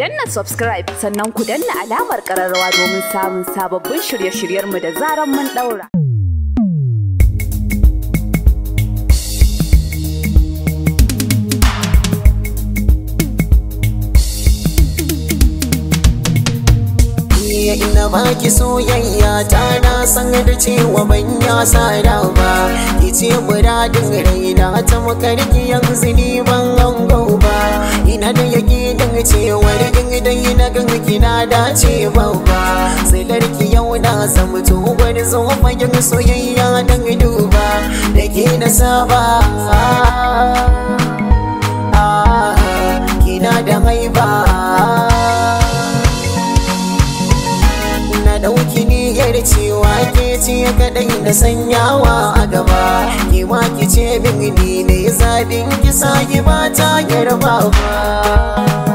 danna subscribe sannan ku danna alamar kararrawa domin samun sababbin shirye-shiryenmu da zarar mun daura. ina baki soyayya ta na san da cewa ban ya sada ba ki ce muradin raina ta makarki yanzu ni ban an ba ina dace babba silarki yau na zamto gwani zo fagen soyayya don duba da ke na saba ah, kina da haiba na ɗauki niyyar cewa ke ce kaɗai da sanyawa a gaba ki ki ce bin ne zaɓin ki ki ba ta girma ba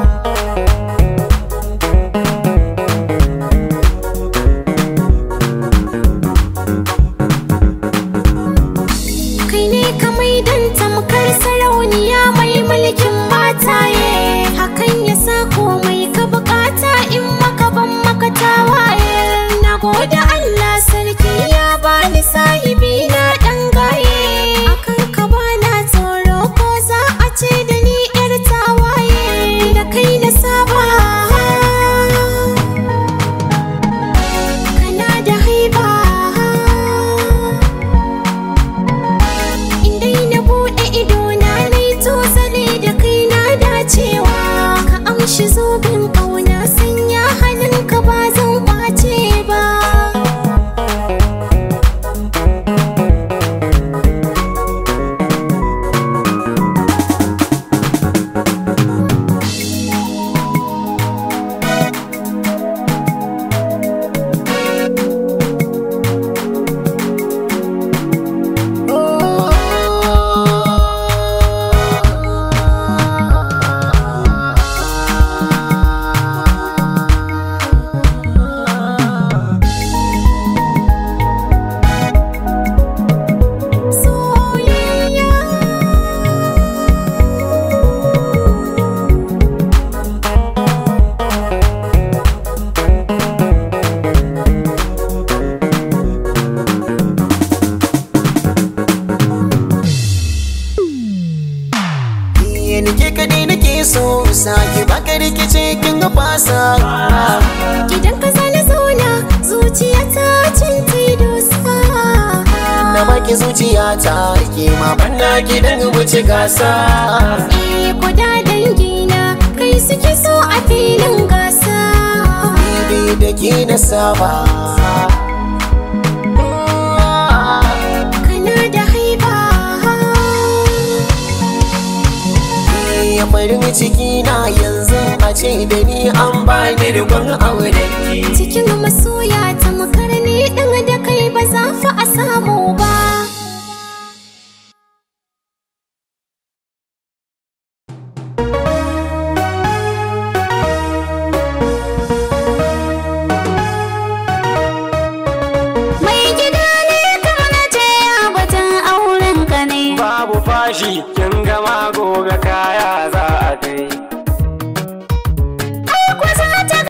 ki baka rikici kin ga fasa gidan ka zala zauna ta cinti dosa na baki ta ke ma banna ki dan wuce gasa eh guda dangina kai suke so a filin gasa bibi da ke na saba lamarin ciki na yanzu a ce da ni an bani rikon aure cikin masoya fashi kin gama gobe kaya za a kai